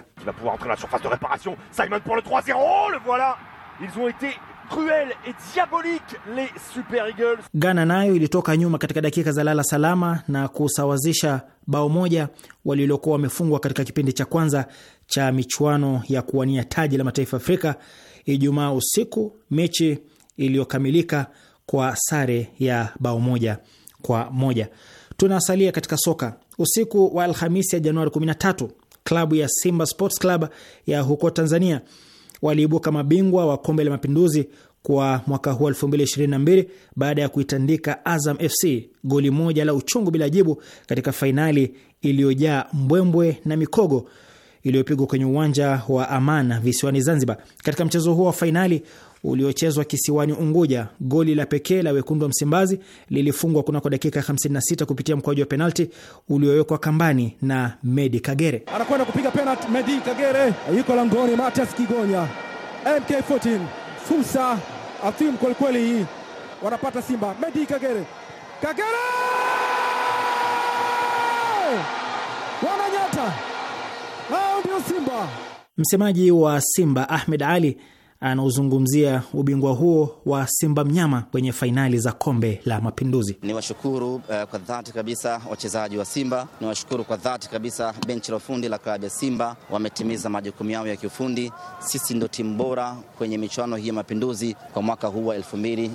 Simon pour le 3-0, le voilà. Ils ont été Ghana nayo ilitoka nyuma katika dakika za lala salama na kusawazisha bao moja waliliokuwa wamefungwa katika kipindi cha kwanza cha michuano ya kuwania taji la mataifa Afrika Ijumaa usiku, mechi iliyokamilika kwa sare ya bao moja kwa moja. Tunasalia katika soka. Usiku wa Alhamisi ya Januari 13, klabu ya Simba Sports Club ya huko Tanzania waliibuka mabingwa wa kombe la mapinduzi kwa mwaka huu 2022 baada ya kuitandika Azam FC goli moja la uchungu bila jibu katika fainali iliyojaa mbwembwe na mikogo iliyopigwa kwenye uwanja wa Amana visiwani Zanzibar. Katika mchezo huo wa fainali uliochezwa kisiwani Unguja. Goli la pekee la wekundu wa Msimbazi lilifungwa kunako dakika 56 kupitia mkwaju wa penalti uliowekwa kambani na Medi Kagere. Anakwenda kupiga penalti, Medi Kagere yuko langoni. Matias Kigonya, MK14, fusa afimu kwelikweli, hii wanapata Simba. Medi Kagere, Kagere wananyata, hao ndio Simba. Msemaji wa Simba Ahmed Ali anaozungumzia ubingwa huo wa Simba mnyama kwenye fainali za kombe la Mapinduzi. Ni washukuru uh, eh, kwa dhati kabisa wachezaji wa Simba, ni washukuru kwa dhati kabisa benchi la ufundi la klabu ya Simba, wametimiza majukumu yao ya kiufundi. Sisi ndio timu bora kwenye michuano hii ya Mapinduzi kwa mwaka huu wa mbili.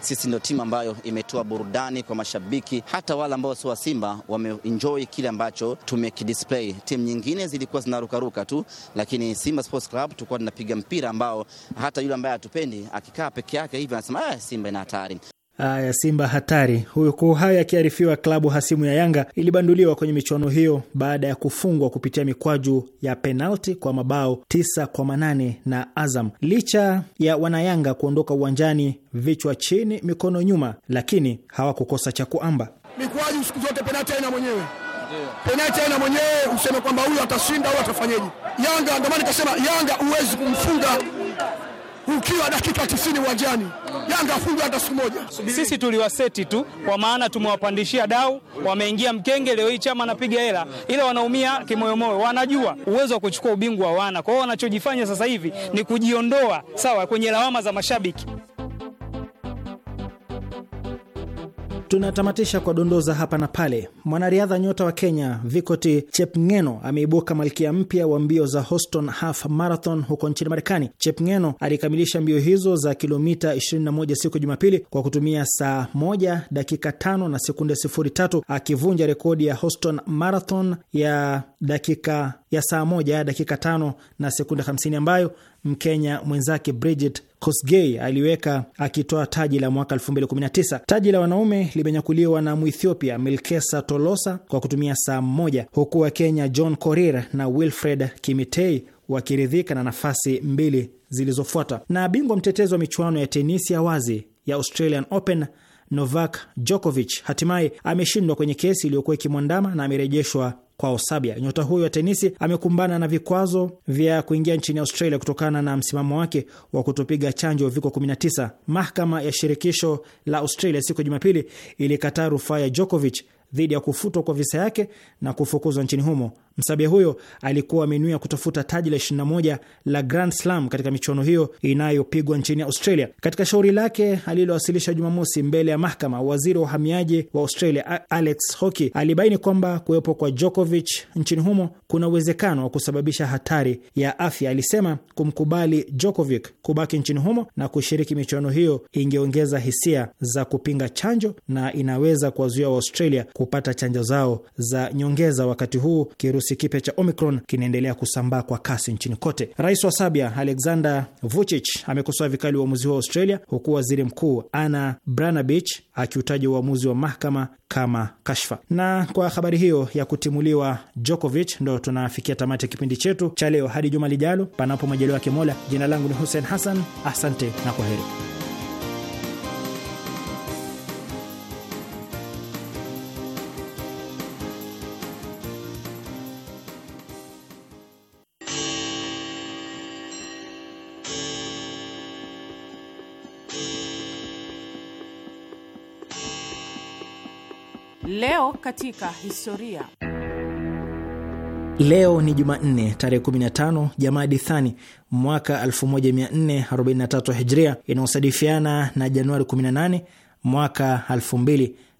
Sisi ndio timu ambayo imetoa burudani kwa mashabiki, hata wale ambao sio wa Simba wameenjoy kile ambacho tumekidisplay. Timu nyingine zilikuwa zinarukaruka tu, lakini Simba Sports Club tulikuwa tunapiga mpira ambao hata yule ambaye hatupendi akikaa peke yake hivi anasema ah, Simba ina hatari. Aya, Simba hatari. Huyu kuu haya akiarifiwa, klabu hasimu ya Yanga ilibanduliwa kwenye michuano hiyo baada ya kufungwa kupitia mikwaju ya penalti kwa mabao tisa kwa manane na Azam. Licha ya wanayanga kuondoka uwanjani vichwa chini, mikono nyuma, lakini hawakukosa cha kuamba. Mikwaju siku zote penalti aina mwenyewe penati aina mwenyewe useme kwamba huyu atashinda au atafanyeje. Yanga ndio maana nikasema Yanga huwezi kumfunga ukiwa dakika 90 uwanjani Yanga afungwe hata siku moja. Sisi tuliwaseti tu, kwa maana tumewapandishia dau, wameingia mkenge. Leo hii chama anapiga hela, ila wanaumia kimoyomoyo, wanajua uwezo wa kuchukua ubingwa hawana. Kwa hiyo wanachojifanya sasa hivi ni kujiondoa sawa kwenye lawama za mashabiki. Tunatamatisha kwa dondoza hapa na pale. Mwanariadha nyota wa Kenya Vikoti Chepngeno ameibuka malkia mpya wa mbio za Houston Half Marathon huko nchini Marekani. Chepngeno alikamilisha mbio hizo za kilomita 21 siku Jumapili kwa kutumia saa moja dakika tano na sekunde tatu akivunja rekodi ya Houston Marathon ya dakika ya saa moja dakika tano na sekunde 50 ambayo Mkenya mwenzake Bridget Kosgei aliweka akitoa taji la mwaka 2019. Taji la wanaume limenyakuliwa na muethiopia Milkesa Tolosa kwa kutumia saa moja, huku wa kenya John Korir na Wilfred Kimitei wakiridhika na nafasi mbili zilizofuata. Na bingwa mtetezi wa michuano ya tenisi ya wazi ya Australian Open Novak Djokovic hatimaye ameshindwa kwenye kesi iliyokuwa ikimwandama na amerejeshwa kwao Sabia. Nyota huyo wa tenisi amekumbana na vikwazo vya kuingia nchini Australia kutokana na msimamo wake wa kutopiga chanjo uviko 19. Mahakama ya shirikisho la Australia siku ya Jumapili ilikataa rufaa ya Djokovic dhidi ya kufutwa kwa visa yake na kufukuzwa nchini humo. Msabia huyo alikuwa amenuia kutafuta taji la 21 la Grand Slam katika michuano hiyo inayopigwa nchini Australia. Katika shauri lake alilowasilisha Jumamosi mbele ya mahakama, waziri wa uhamiaji wa Australia Alex Hockey alibaini kwamba kuwepo kwa Djokovic nchini humo kuna uwezekano wa kusababisha hatari ya afya. Alisema kumkubali Djokovic kubaki nchini humo na kushiriki michuano hiyo ingeongeza hisia za kupinga chanjo na inaweza kuwazuia Waaustralia kupata chanjo zao za nyongeza wakati huu kirusi kipya cha Omicron kinaendelea kusambaa kwa kasi nchini kote. Rais wa Serbia Alexander Vucic amekosoa vikali uamuzi wa Australia, huku waziri mkuu Ana branabich akiutaja uamuzi wa mahakama kama kashfa. Na kwa habari hiyo ya kutimuliwa Djokovic, ndo tunafikia tamati ya kipindi chetu cha leo. Hadi juma lijalo, panapo majaliwa ya Mola. Jina langu ni Hussein Hassan, asante na kwa heri Leo katika historia. Leo ni Jumanne tarehe 15 Jamadi Thani mwaka 1443 Hijria, inayosadifiana na Januari 18 mwaka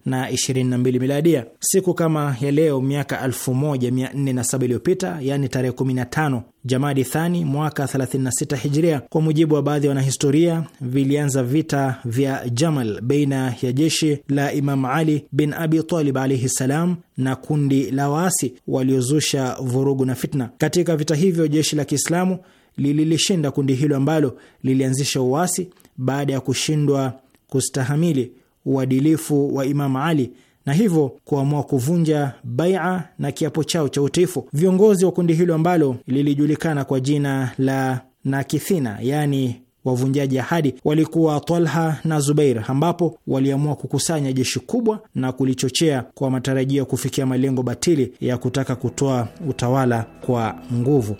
na 22 miladia. Siku kama ya leo miaka 1407 iliyopita, yaani tarehe 15 Jamadi Thani mwaka 36 Hijria, kwa mujibu wa baadhi ya wanahistoria, vilianza vita vya Jamal baina ya jeshi la Imam Ali bin Abi Talib alaihi ssalam na kundi la waasi waliozusha vurugu na fitna. Katika vita hivyo jeshi la Kiislamu lililishinda kundi hilo ambalo lilianzisha uasi baada ya kushindwa kustahamili uadilifu wa Imamu Ali na hivyo kuamua kuvunja baia na kiapo chao cha utiifu. Viongozi wa kundi hilo ambalo lilijulikana kwa jina la Nakithina, yaani wavunjaji ahadi, walikuwa Talha na Zubair, ambapo waliamua kukusanya jeshi kubwa na kulichochea kwa matarajio ya kufikia malengo batili ya kutaka kutoa utawala kwa nguvu.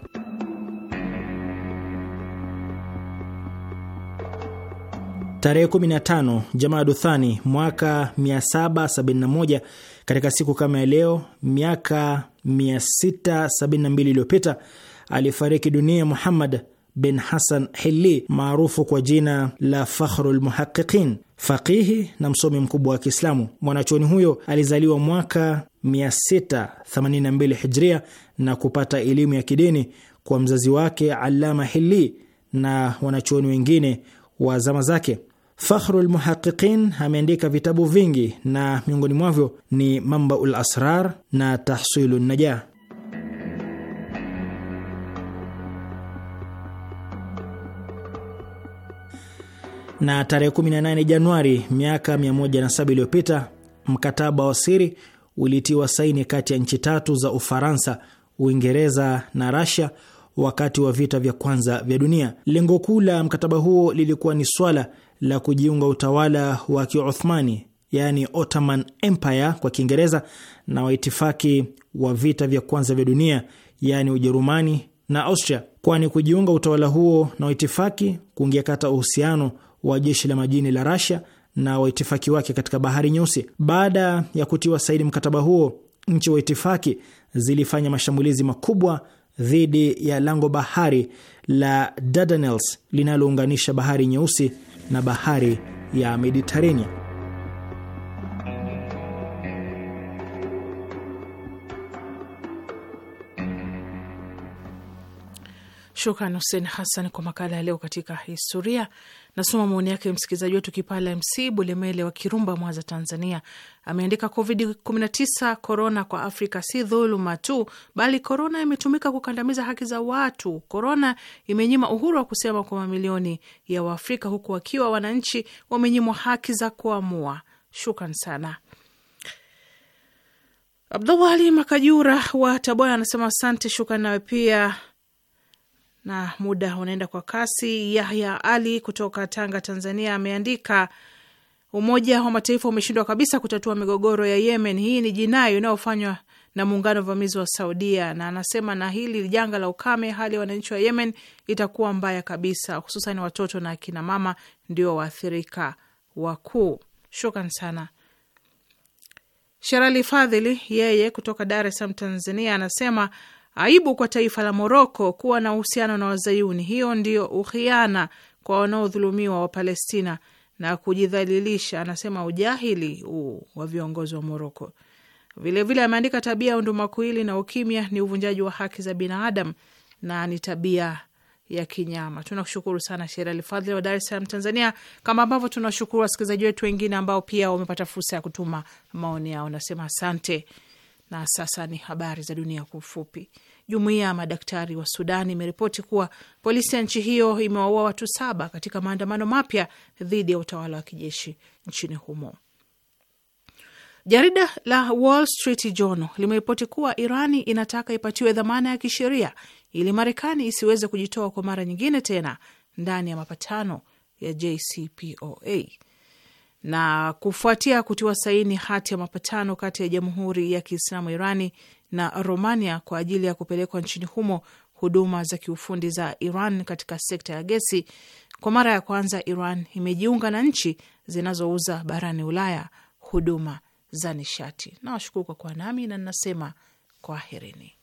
Tarehe 15 Jamadu Thani mwaka 771, katika siku kama ya leo miaka 672 iliyopita alifariki dunia Muhammad bin Hassan Hilli maarufu kwa jina la Fakhrul Muhaqiqin, faqihi na msomi mkubwa wa Kiislamu. Mwanachuoni huyo alizaliwa mwaka 682 Hijria na kupata elimu ya kidini kwa mzazi wake Allama Hilli na wanachuoni wengine wa zama zake. Fakhrul Muhaqiqin ameandika vitabu vingi na miongoni mwavyo ni Mambaul Asrar na Tahsilu Naja. Na tarehe 18 Januari miaka 107 iliyopita mkataba wa siri ulitiwa saini kati ya nchi tatu za Ufaransa, Uingereza na Rasia wakati wa vita vya kwanza vya dunia. Lengo kuu la mkataba huo lilikuwa ni swala la kujiunga utawala wa Kiuthmani yaani Ottoman Empire kwa Kiingereza na waitifaki wa vita vya kwanza vya dunia yaani Ujerumani na Austria, kwani kujiunga utawala huo na waitifaki kungekata uhusiano wa jeshi la majini la rasia na waitifaki wake katika bahari nyeusi. Baada ya kutiwa saini mkataba huo, nchi itifaki zilifanya mashambulizi makubwa dhidi ya lango bahari la Dardanelles linalounganisha bahari nyeusi na bahari ya Mediterania. Shukran Hussein Hassan kwa makala ya leo katika historia. Nasoma maoni yake msikilizaji wetu Kipala MC Bulemele wa Kirumba, Mwanza, Tanzania. Ameandika, Covid 19 korona kwa Afrika si dhuluma tu, bali korona imetumika kukandamiza haki za watu. Korona imenyima uhuru wa kusema kwa mamilioni ya Waafrika, huku wakiwa wananchi wamenyimwa haki za kuamua. Shukran sana. Abdullah Ali Makajura wa Tabora anasema asante. Shukran nawe pia na muda unaenda kwa kasi. Yahya Ali kutoka Tanga, Tanzania, ameandika Umoja wa Mataifa umeshindwa kabisa kutatua migogoro ya Yemen. Hii ni jinai inayofanywa na muungano wa uvamizi wa Saudia, na anasema na hili janga la ukame, hali ya wananchi wa Yemen itakuwa mbaya kabisa, hususan watoto na akina mama ndio waathirika wakuu. Shukran sana. Sherali Fadhili yeye kutoka Dar es Salaam, Tanzania, anasema Aibu kwa taifa la Moroko kuwa na uhusiano na Wazayuni. Hiyo ndiyo uhiana kwa wanaodhulumiwa wa Palestina na kujidhalilisha, anasema ujahili huu wa viongozi wa Moroko. Vilevile ameandika tabia ya undumakuili na ukimya ni uvunjaji wa haki za binadamu na ni tabia ya kinyama. Tunakushukuru sana Sherali Fadhili wa Dar es Salaam, Tanzania, kama ambavyo tunashukuru wasikilizaji wetu wengine ambao pia wamepata fursa ya kutuma maoni yao. Nasema asante. Na sasa ni habari za dunia kwa ufupi. Jumuiya ya madaktari wa Sudan imeripoti kuwa polisi ya nchi hiyo imewaua watu saba katika maandamano mapya dhidi ya utawala wa kijeshi nchini humo. Jarida la Wall Street Journal limeripoti kuwa Irani inataka ipatiwe dhamana ya kisheria ili Marekani isiweze kujitoa kwa mara nyingine tena ndani ya mapatano ya JCPOA na kufuatia kutiwa saini hati ya mapatano kati ya Jamhuri ya Kiislamu Irani na Romania kwa ajili ya kupelekwa nchini humo huduma za kiufundi za Iran katika sekta ya gesi, kwa mara ya kwanza Iran imejiunga na nchi zinazouza barani Ulaya huduma za nishati. Nawashukuru kwa kuwa nami na ninasema kwaherini.